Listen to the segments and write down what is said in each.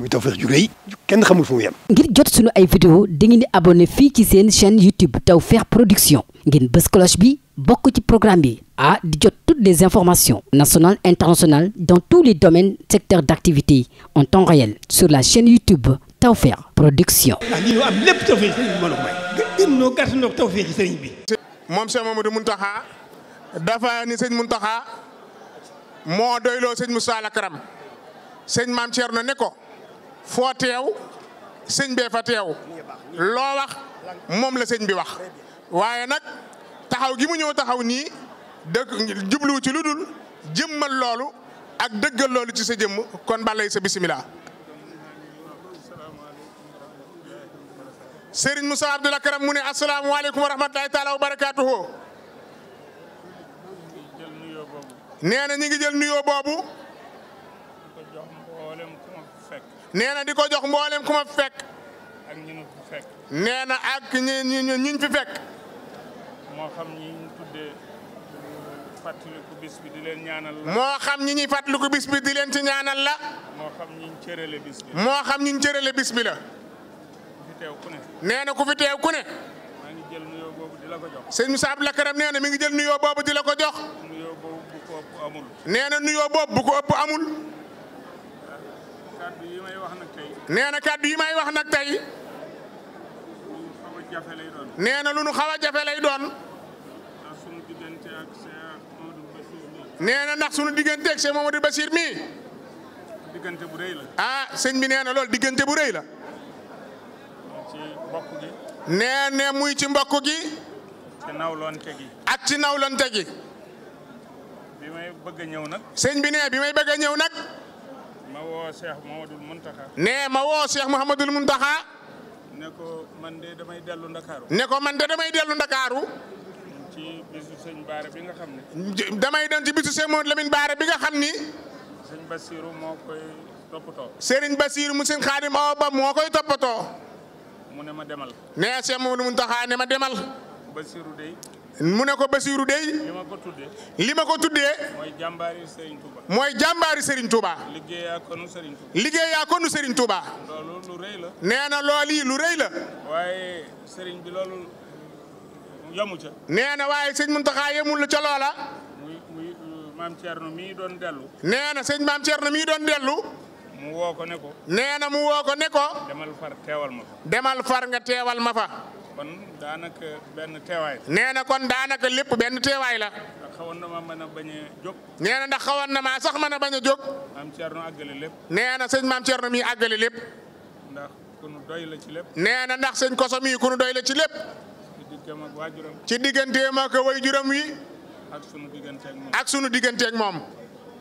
muy Tawfekh ju rëy kenn xamul fu mu yem. ngir jot sunu ay vidéo dangeen di abonné fii ci seen chaîne YouTube Tawfekh Production ngeen bës cloche bi bokk ci programme bi ah di jot toutes les informations nationales internationales dans tous les domaines secteurs d'activité en temps réel sur la chaîne YouTube Tawfekh Production. ah lii ñu am lépp Tawfekh a may. gën ñoo gàtt ñoo Tawfekh sëriñ bi. moom Cheikh Mamadou dafa ni sëñ Mountakha moo doyloo sëñ Moussa Lakaram sëñ maam Thierno ne ko. foo teew sëñ bee fa teew loo wax moom la sëñ bi wax waaye nag taxaw gi mu ñëw taxaw nii dëgg jubluwu ci lu dul jëmmal loolu ak dëggal loolu ci sa jëmm kon balay sa bisimilah. Serigne Moussa Abdoul Karam mu ne asalaamualeykum wa rahmatulahi taala wa barakaatuhu. nee na ngi jël nuyoo boobu. jox nee na di ko jox mboolem ku ma fekk. ak ñi nee na ak ñi ñu ñu fi fekk. moo xam ñi ñu tuddee fàttaliku bis bi di leen ñaanal la. moo xam ñi ñuy fàttaliku bis bi di leen ci ñaanal la. moo xam ñi ñu cërale bis bi. moo xam ñi ñu cërale bis bi la. nee na ku fi teew ku ne. maa ngi jël nuyoo boobu di la ko jox. na mi ngi jël nuyoo boobu di la ko jox. nee na nuyoo boobu bu ko ëpp amul. kàddu yi may wax nag tey. nee na kàddu yi may wax nag tey. nee na lu nu xaw a jafe lay doon. nee na ndax sunu diggante ak Cheikh Mamadou Bassir mii. diggante bu rëy la. ah sëñ bi nee na loolu diggante bu rëy la. ci mbokk gi. nee muy ci mbokk gi. ci nawlonte gi. ak ci nawlonte gi. bi may bëgg a ñëw nag. sëñ bi nee bi may bëgg a ñëw nag. ma woo nee ma woo Cheikh Mouhamadul Mountakha. ne ko man de damay dellu Ndakaaru. ne man de damay dellu Ndakaaru. ci bisu sëñ Baara bi nga xam ne. damay dem ci bisu sëñ bi nga xam ni. sëñ Basiru moo koy toppatoo. mu sëñ Xaadim Awa Ba moo koy toppatoo. mu ne ma demal. nee Cheikh Mouhamadul ne ma demal. Basiru de. mu ne ko Basiiru dey li ma ko tuddee mooy jàmbaari Serigne Touba mooy jàmbaari Serigne Touba liggéeyaa ko nu Serigne Touba liggéeyaa ko nu Serigne Touba loolu lu la nee na lool lu rëy la waaye Serigne bi loolu yamu ca na waaye sëñ Muntaxa yemul ca loola muy uh, maam Thierno mii doon dellu nee na mii doon dellu mu woo ko ne ko nee mu woo ko ne ko demal far ma teewal ma fa kon daanaka benn teewaay. nee na kon daanaka lépp benn teewaay la. ndax xawoon na ma mën a bañ a jóg. nee na ndax xawoon na maa sax mën a bañ a jóg. maam Thierno àggale lépp. nee na sëñ maam Thierno mi àggale lépp. ndax doy la ci lépp. nee na ndax sëñ koso mii ku nu doy la ci lépp. ci digganteem ak waajuram. ci digganteem ak waajuram wi. ak sunu digganteeg moom ak sunu digganteeg moom.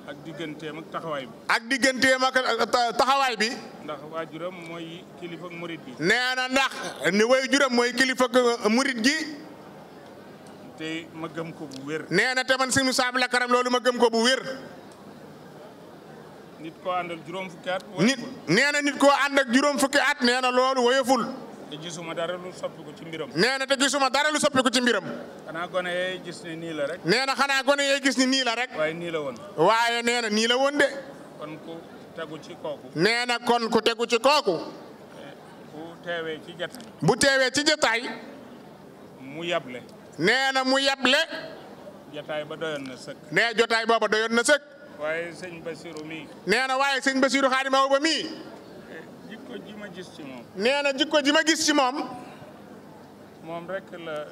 ak digganteem ak taxawaay bi. ak digganteem ak taxawaay bi. ndax kilifa ak murit ndax ni waajuram mooy kilifa ak murit gi. te ma gëm ko bu wér. Karam loolu ma gëm ko bu wér. nit koo àndal juróom fukki at. nit nee nit koo ànd ak fukki at nee na loolu woyoful. te gisuma dara lu soppiku ci mbiram. nee na te gisuma dara lu soppiku ci mbiram. xanaa gone gis ni nii la rek. nee xanaa gone yee gis ni nii la rek. waaye nii la woon. waaye nee na nii la woon de. kon ku tegu ci kooku. nee na kon ku tegu ci kooku. bu teewee ci jotaay. bu teewee ci jotaay. mu yable. nee na mu yable. jotaay ba doyoon na sëkk. nee jotaay booba doyoon na sëkk. waaye sëñ Basiru mii. nee na waaye sëñ Basiru xaadima ba mii. jikko ma gis ci moom. nee na jikko ji ma gis ci moom. moom rek la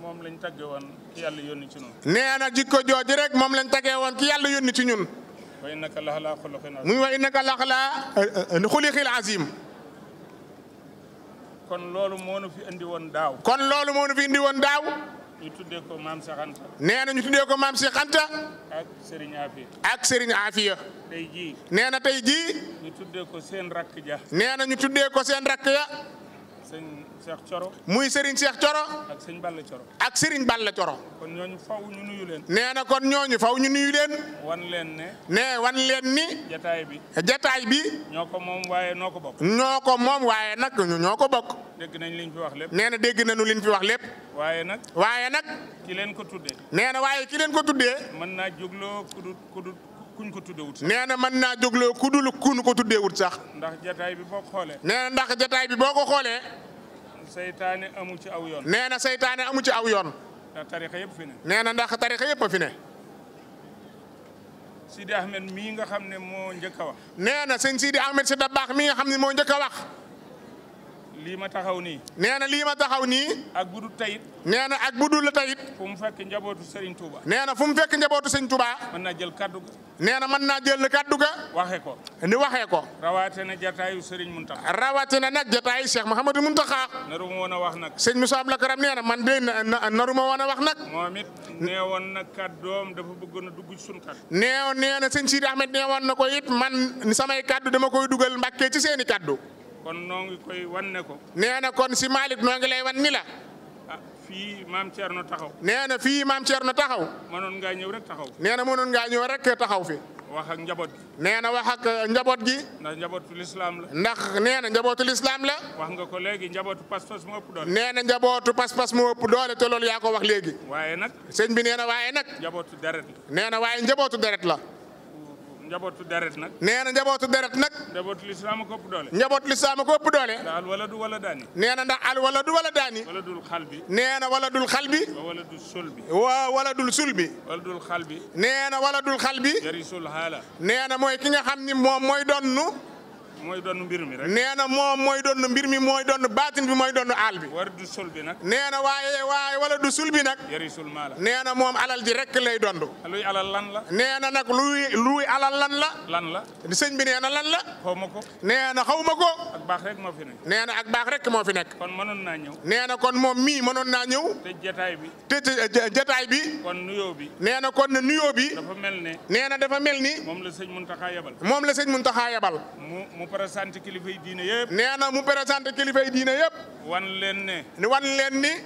moom lañ tagge woon ki yàlla yónni ci ñun. nee na jikko jooju rek moom lañ tagge woon ki yàlla yónni ci ñun. wa innaka la ala xuluqin azim. muy wa innaka la ala eh, eh, eh, xuluqil azim. kon loolu moonu fi indi woon daaw. kon loolu moo nu fi indi woon daaw. ñu tuddee ko maam Cheikh Anta. nee na ñu tuddee ko maam Cheikh Anta. ak Serigne Afia. ak Serigne jii. nee na tey jii. ñu tuddee ko seen rakk ja. nee na ñu tuddee ko seen rakk ya. sëñ Cheikh Coro. muy Serigne Cheikh Coro. ak sëñ Balla Coro. ak Serigne Balla Coro. kon ñooñu faw ñu nuyu leen. nee na kon ñooñu faw ñu nuyu leen. wan leen ne. nee wan leen ni. jataay bi. jataay bi. ñoo ko moom waaye noo ko bokk. ñoo ko moom waaye nag ñoo ko bokk. dégg nañ liñ fi wax lépp. nee na dégg nañu liñ fi wax lépp. waaye nag. waaye nag. ki leen ko tuddee. nee na waaye ki ko tuddee. kuñ ko tuddewut sax nee mën naa jógloo ku dul kuñ ko tuddewut sax. ndax jataay bi boo ko xoolee. nee ndax jataay bi boo ko xoolee. seytaane amu ci aw yoon. nee na seytaane amu ci aw yoon. ndax tarixa yëpp fi ne. nee na ndax tarixa yëpp a fi ne. Sidi Ahmed mii nga xam ne moo njëkk a wax. nee na sëñ Sidi Ahmed si da baax mii nga xam ne moo njëkk a wax. lii ma taxaw nii. nee na lii ma taxaw nii. ak budul tayit. nee na ak budul la tayit. fu mu fekk njabootu Serigne Touba. nee na fu mu fekk njabootu Serigne Touba. man naa jël kaddu ga. nee na mën na jël kaddu ga. waxee ko. ni waxee ko. rawatina jataayu Serigne Mountakha. rawatina nag jataayu Cheikh Mouhamadou Mountakha. naruma woon a wax nag. sëñ Moussa Abdou Karam nee na man de naruma woon a wax nag. moom it nee woon na kaddoom dafa bëggoon a duggu ci sunu kaddu. nee na sëñ Sidi Ahmed nee woon ko it man samay kaddu dama koy dugal Mbàkke ci seeni kaddu kon noo koy wan ne ko. nee na kon si Malick noo ngi lay wan ni la. ah fii maam taxaw. nee na fii maam Thierno taxaw. mënoon ngaa ñëw rek taxaw. nee na mënoon ngaa ñëw rek taxaw fi. wax ak njaboot gi. nee na wax ak uh, njaboot gi. ndax njabootu la. ndax nee na njabootu lislaam la. wax nga ko léegi njabootu pas-pas moo ëpp doole. nee na njabootu pas-pas moo ëpp doole te loolu yaa ko wax léegi. waaye nag. sëñ bi nee na waaye nag. njabootu deret la. na waaye njabootu deret la. njabootu deret nag. nee na njabootu deret nag. njabootu lislaam ko ëpp doole. njabootu lislaam ko ëpp doole. ndax al waladu wala daani. nee na ndax al waladu wala daani. wala dul xal bi. nee na wala dul xal bi. wala dul sul bi. waa wala dul bi. wala bi. nee na wala dul xal bi. jarisul haala. nee na mooy ki nga xam ni moom mooy donnu. mooy doon mbir mi rek. nee na moom mooy doon mbir mi mooy doon baatin bi mooy doon aal bi. war du bi nag. nee na waaye waaye wala du sul bi nag. yari sul la. nee na moom alal ji rek lay dond. luy alal lan la. nee na nag luy luy alal lan la. lan la. sëñ bi nee na lan la. xaw ma ko. nee na xaw ma ko. ak moo fi nee na ak baax rek moo fi nekk. kon mënoon naa ñëw. nee na kon moom mii mënoon naa ñëw. te jataay bi. te jataay bi. kon nuyoo bi. nee na kon nuyoo bi. dafa mel ne. nee na dafa mel ni. moom la sëñ Muntaxa yabal. moom la sëñ Muntaxa yabal. présenté kilifa yi diine yëpp. nee na mu présenté kilifa yi diine yëpp. wan ni wan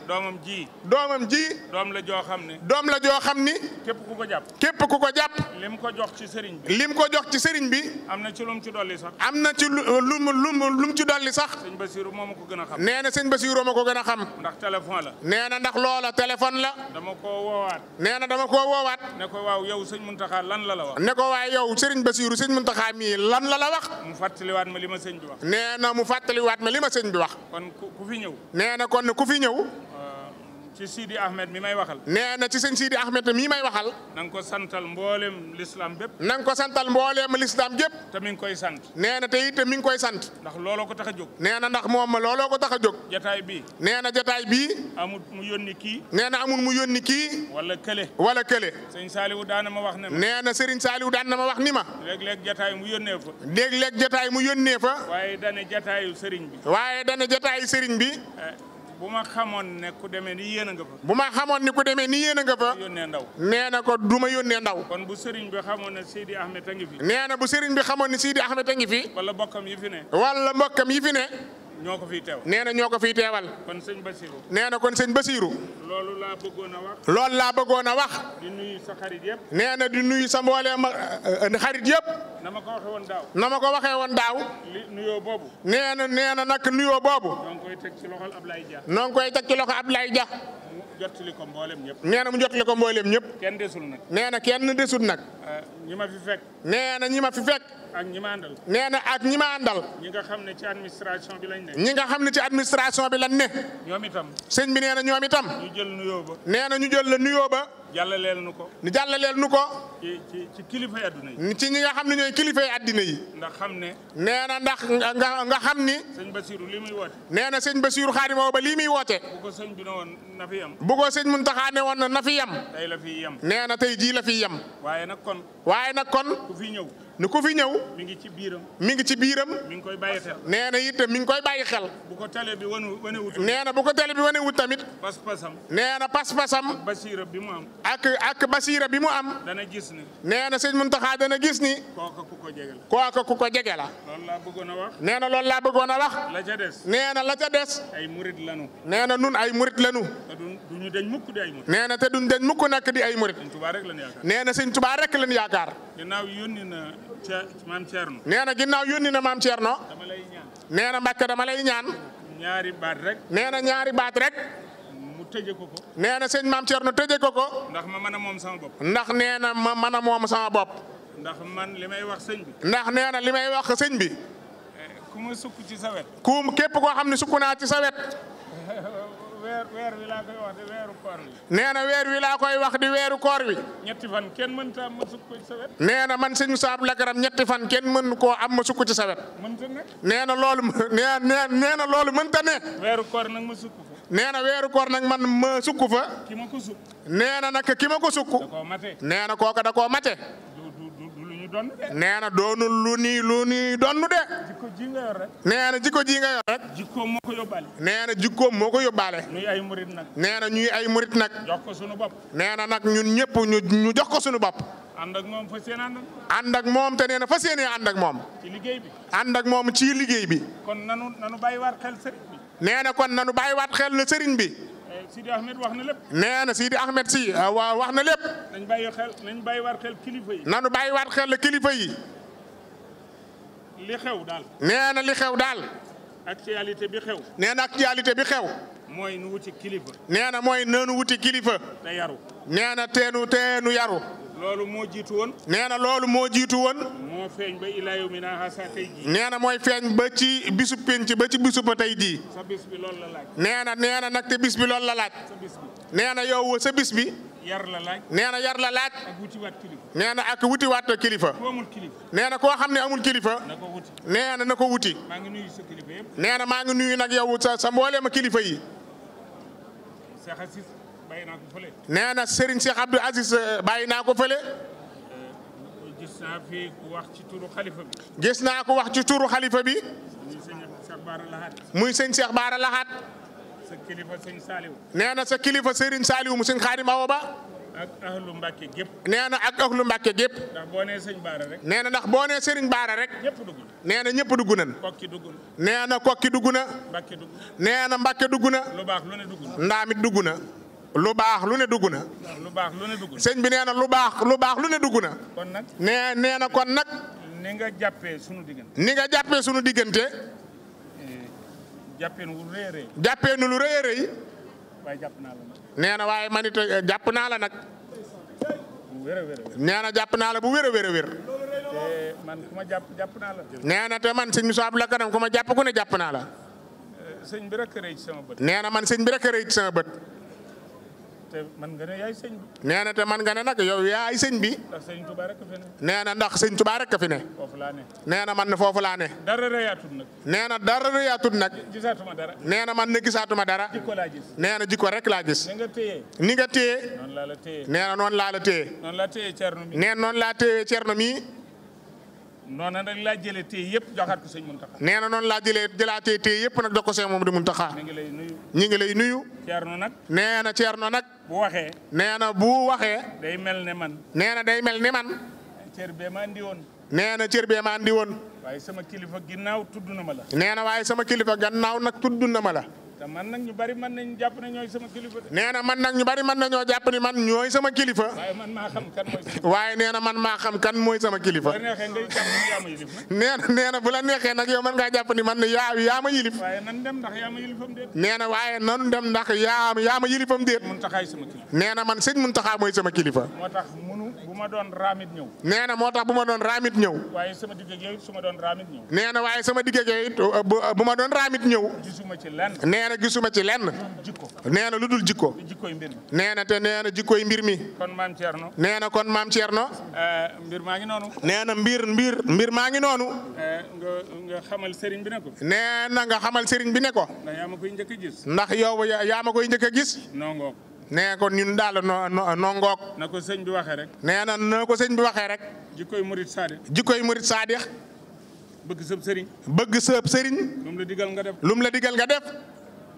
doomam ji. doomam ji. doom la joo xam ne. doom la joo xam ni. képp ku ko jàpp. képp ku ko jàpp. lim ko jox ci sëriñ bi. lim ko jox ci sëriñ bi. am na ci lum ci dolli sax. am na ci lu euh, lum lum lum ci dolli sax. sëñ Basiirou moo ko gën a xam. nee na sëñ Basiirou ma ko gën a xam. ndax téléphone la. nee na ndax loola téléphone la. dama ko woowaat. nee na dama koo woowaat. ne ko waaw yow sëñ Muntaxa lan ko waaye yow sëriñ Muntaxa mii lan la la wax. mu fàttali fàttaliwaat ma li ma sëñ bi wax. na mu fàttaliwaat ma li ma sëñ bi wax. kon ku fi ñëw. nee na kon ku fi ñëw. ci Sidi Ahmed mi may waxal. nee na ci sëñ Sidi Ahmed mi may waxal. na ko santal mboolem lislaam bépp. na nga ko santal mboolem lislaam bépp. te mi ngi koy sant. nee na te koy sant. ndax looloo ko tax a jóg. nee na ndax moom looloo ko tax a jóg. jataay bi nee na jataay bi amul mu yónni kii. nee na amul mu yónni kii. wala kële. wala kële. sëñ Saliou daan na ma wax ne ma. nee na Serigne Saliou daan na ma wax ni ma. léeg-léeg jataay mu yónnee fa. léeg-léeg jataay mu yónnee fa. waaye dana jataayu Serigne bi. waaye bi. Eh, bu ma xamoon ne ku demee ni yéen nga fa. bu ma xamoon ne ku demee ni yéen a nga fa. yónnee ndaw nee na ko du ma yónnee ndaw. kon bu sëriñ bi xamoon ne Sidi Ahmed a ngi fi. nee na bu sëriñ bi xamoon ne Sidi Ahmed a ngi fi. wala mbokkam yi fi ne. wala mbokkam yi fi ne. ñoo ko fiy teewal nee na ñoo ko fiy teewal. kon sëñ Basirou. nee na kon sëñ Basirou. loolu laa bëggoon wax. loolu laa bëggoon a wax. di nuyu sa xarit yëpp. nee na di nuyu sa mbooleem eh, eh, xarit yëpp. na ma ko waxee woon daaw. na ma ko waxee woon daaw. li nuyoo boobu. nee na nee na nag nuyoo boobu. noo koy teg ci loxol Ablaye Dia. noo ngi koy teg ci loxo Ablaye Dia. mu jottali ko mboolem ñëpp. nee na mu jottali ko mboolem ñëpp. kenn kenn desul nag. Ah, ñi ma fi fekk. nee na ñi ma fi ak ñi ma àndal. ak ñi ma àndal. ñi nga xam ne ci administration bi lañ bi lañ ne. ñoom itam. sëñ bi nee na ñoom itam. ñu jël nuyoo ba. nee na ñu leel nu ko. ni jàllaleel nu ko. ci ci ci kilifa yi adduna yi. ci ñi nga xam ne ñoy kilifa yi adduna yi. ndax xam ne. nee ndax nga xam ni. sëñ Basiirou lii muy woote. nee na sëñ Basiirou xaarima ba lii muy woote. bu ko sëñ bi ne woon na fi bu ko sëñ Muntaxa ne woon na na fi yem. tey la fi yem. nee na tey jii la fi yem. waaye nag kon. waaye nag kon. ku fi ñëw. ni ku fi ñëw. mi ngi ci biiram. mi ngi ci biiram. mi ngi koy bàyyi xel. nee na itam mi ngi koy bàyyi xel. bu ko télé bi wane wut. na bu ko télé bi wane wut tamit. pas-pasam. nee na pas-pasam. ak basiira bi mu am. ak ak bi mu am. dana gis ni. nee na sëñ Muntaxa dana gis ni. kooka ku ko jege la. kooka ku ko jege la. loolu laa bëggoon a nee na loolu laa bëggoon a wax. la ca des. nee na la ca des. ay murit lanu. nee na nun ay murit lanu. duñu dañ mukk di ay murit nee na te duñ dañ mukk nekk di ay murit nee na sëñ Tuubaa rek lañ yaakaar ginnaaw yónni na maam Thierno nee na ginnaaw yónni na maam Thierno nee na Mbàkke dama lay ñaan ñaari baat rek nee na ñaari baat rek mu tëje ko ko nee sëñ maam Thierno tëje ko ko ndax ma mën moom sama bopp ndax nee na ma mën a moom sama bopp ndax man li may wax sëñ bi ndax nee na li may wax sëñ bi eh, ku ma sukk ci sa wet kuum képp xam ne sukk naa ci sa weer weer wi laa koy wax di weeru koor wi. nee na weer wi laa koy wax di weeru koor wi. ñetti fan kenn mënta am ma sa wet. nee man sëñ Moussa Abdou Lakram fan kenn mën koo am ma sukk ci sa wet. nee na loolu nee nee na loolu mënta koor nag ma sukk na weeru koor nag man ma sukk fa. ki ma ko na nag ki ma ko sukk. da koo mate. nee na kooka da ko mate. nee na doonul lu nii lu nii donnu de. nee na jikko ji nga yor rek. jikkoom moo ko yóbbaale. jikkoom moo ko yóbbaale. ñuy ay murit nag. nee na ñuy ay murit nag. jox ko bopp. nee na nag ñun ñëpp ñu ñu jox ko sunu bopp. ànd ak moom fas yéene ànd moom te nee na fas yéene ànd ak moom. ci bi. ànd ak moom ci liggéey bi. kon nanu nanu bàyyiwaat xel sëriñ bi. nee na kon nanu bàyyiwaat xel sëriñ bi. Sidi Ahmed wax na lépp. nee na Sidi Ahmed si ah, waaw wax na lépp. nañ bàyyi xel nañ bàyyiwaat xel kilifa yi. nanu bàyyiwaat xel kilifa yi. li xew daal. nee na li xew daal. actualité bi xew. nee na actualité bi xew. mooy nu wuti kilifa. nee na mooy nanu wuti kilifa. te yaru. nee yaru. loolu moo jiitu woon. nee na loolu moo jiitu woon. moo feeñ mooy feeñ ba ci bisu penc ba ci bisu ba tey jii. sa la laaj. nee nag te bis bi loolu la laaj. sa bis bi na yow sa bis bi. yar la laaj. nee yar la laaj. ak wutiwaat kilifa. nee na ak wutiwaat kilifa. ku amul kilifa. koo xam ne amul kilifa. na ko wuti. nee na ko wuti. maa ngi nuyu sa kilifa yëpp. maa ngi nuyu nag yow sa sa mbooleema kilifa yi. sa nee na Serigne Cheikh Abdou Aziz euh, bàyyi naa ko fële. Euh, gis naa fi wax ci turu xalifa bi. gis naa ku wax ci turu xalifa bi. muy sëñ Cheikh Baara Laxaat. sa sëñ Saliou. nee na sa kilifa Serigne Saliou mu sëñ Xaadim Awa Ba. ak na ak ahlu Mbàkke gépp. ndax boo nee rek. nee na ndax boo nee Serigne Baara rek. ñëpp dugg nee na ñëpp dugg nañ. kokki dugg na. nee na dugg na. Mbàkke dugg na. nee dugg na. lu baax lu ne dugg ndaamit dugg na. lu baax lu ne dugg na. lu baax lu ne dugg sëñ bi nee na lu baax lu baax lu ne dugg na. kon nag nee nee na kon nag. ni nga jàppee sunu diggante. ni nga jàppee sunu diggante. Eh, jàppee nu lu rëy a rëy. jàppee lu rëy waaye jàpp naa na waaye man it eh, jàpp naa la nag. bu na jàpp naa la bu wér a wér a te man ku ma jàpp jàpp naa la. nee na te man sëñ Moussa Abdou Lakram ku ma jàpp ku ne jàpp naa la. Eh, sëñ bi rek a rëy ci man sëñ bi rek a bët. te man nga ne yaay sëñ bi. nee na te man nga ne nag yow yaay sëñ bi. ndax sëñ Tuba rek fi ne. nee na ndax sëñ Tuba rek fi ne. foofu laa nee na man foofu laa ne. dara rëyaatut nag. nee na dara rëyaatut nag. gisaatuma dara. nee na man ne gisaatuma dara. jikko laa gis. nee na jikko laa gis. ni nga téye. ni nga téye. noonu laa la téye. nee na noonu laa la téye. noonu laa téye cerno mi. nee na noonu laa téye cerno laa jëlee téye yëpp joxaat ko sëñ na noonu laa jëlee jëlaatee téye yëpp nag jox ko moom di Muntaxa. ñu ngi lay nuyu. ñu ngi lay nuyu. nag. bu waxee. nee na bu waxee. day mel ne man. nee na day mel ni man. cër bee ma andi woon. nee na cër bee ma andi woon. waaye sama kilifa ginnaaw tudd na ma la. nee na waaye sama kilifa gannaaw nag tudd na ma la. te man nag ñu bari man nañ jàpp ne sama kilifa. nee na man nag ñu bari man nañoo jàpp ni man ñooy sama kilifa. waaye man maa xam kan waaye nee na man maa xam kan mooy sama kilifa. bu la neexee ngay jàpp ni yilif nag. na bu la neexee nag yow man ngaa jàpp ni man yaa yaa ma yilif. waaye nan dem ndax yaa ma nee na waaye nan dem ndax yaa yaa ma yilifam déet. mun taxaay sama kilifa. nee na man sëñ mun taxaa mooy sama kilifa. bu ma doon raamit ñëw. nee na moo tax bu ma doon raamit ñëw. waaye sama digg yooyu su ma doon raamit ñëw. na waaye sama digg yooyu uh, uh, bu ma doon raamit ñëw. gisuma ci lenn. nee na gisuma ci lenn. nee na lu dul jikko. nee na te nee na jikkoy mbir mi. kon maam Thierno. nee na kon maam Thierno. Eh, mbir maa ngi noonu. nee na mbir mbir mbir maa ngi noonu. Eh, nga nga xamal sëriñ bi ne ko. nee na nga xamal sëriñ bi ne ko. ndax yaa koy njëkk gis. ndax yow yaa ma nee ko ñun daal noo noo ngoog. na ko sëñ bi na ko sëñ waxee rek. jikkoy murit saadix. jikkoy murit saadix. bëgg sëb sëriñ. bëgg sëb sëriñ. lu mu la digal nga def. mu la digal nga def.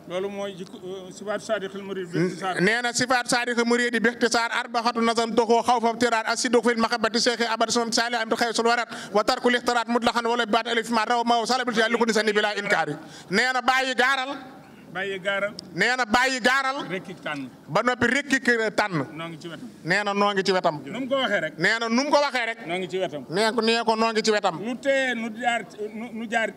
loolu mooy jikko euh, sifaatu saadixil murid bi ixtisaar. nee na sifaatu saadixil murid bi ixtisaar arbaxatu nazam toxoo xaw fa tiraat ak sidduq fil maxabati seexi abad soom saali am xëy sul warat wa tarku lixtiraat mutlaxan wala baat alif ma raw ma salabil li ko ni sa ni inkaari nee na gaaral. bàyyi gaaral. nee na bàyyi gaaral. rekki tànn. ba noppi rekki tànn. noo ngi ci wetam. nee na noo ngi ci wetam. nu mu ko waxee rek. nee na nu mu ko waxee rek. noo ngi ci wetam. nee noo ngi ci wetam. lu tee nu jaar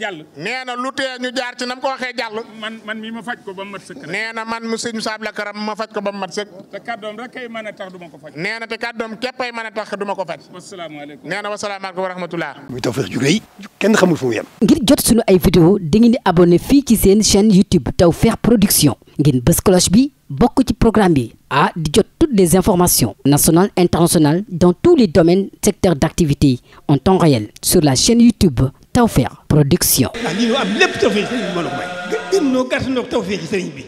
jàll. nee na lu tee ñu jaar ci nam ko waxee jàll. man man mii ma faj ko ba mu mat sëkk. nee na man mu sëñ Sabla Karam ma faj ko ba mu mat sëkk. te kàddoom rek kay mën tax du ma ko faj. nee na te kàddoom képp ay mën tax du ko faj. wasalaamaaleykum nee na wasalaamaaleykum wa rahmatulah. muy tawfeex ju rëy. kenn xamul fu mu ngir jot sunu ay vidéo dangeen di abonné fii ci seen seen chaîne YouTube Tawfekh Production ngeen bës cloche bi bokk ci programme bi ah di jot toutes les informations nationales internationales dans tous les domaines secteurs d'activité en temps réel sur la chaîne YouTube Tawfekh Production. Ah,